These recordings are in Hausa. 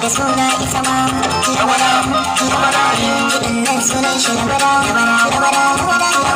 da suna ita ma Yawara, yawara Kiɗin nan sunan shi yawara, yawara, yawara, yawara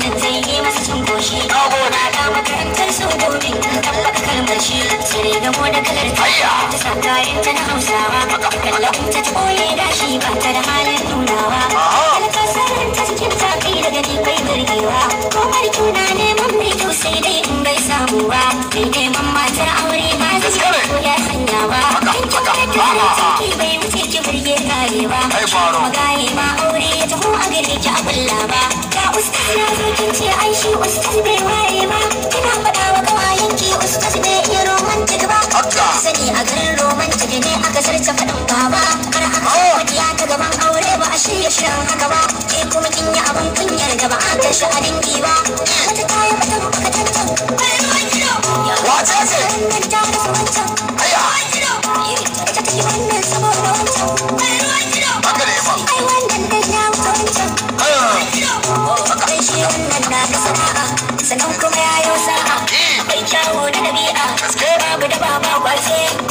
nan zai yi masa cin goshi na ga makarantar su domin ta tabbata kalmar shi sai ga mu kalar ta ta sa kayan ta na hausawa kallon ta ta koye gashi ba ta da halin nunawa talaka sarar ta cikin ta kai da gani kai birgewa ko neman mai kyau sai dai in bai samu ba Mai dai man matar aure ba zai ko ya sanya ba kan ki kare ta ciki bai wuce ki birge karewa magaye ma aure ya taho a gare ki a kulla ba ustas ya zo kin ce ai shi bai waye ba kina faɗawa wa kawayen ki ustas bai iya romantic ba sani a garin romantic ne aka sarce faɗin baba har aka fadiya ta gaban aure ba a shirya shirin haka ba ke kuma kin yi abin kunyar da ba a tashi a dinki ba magic.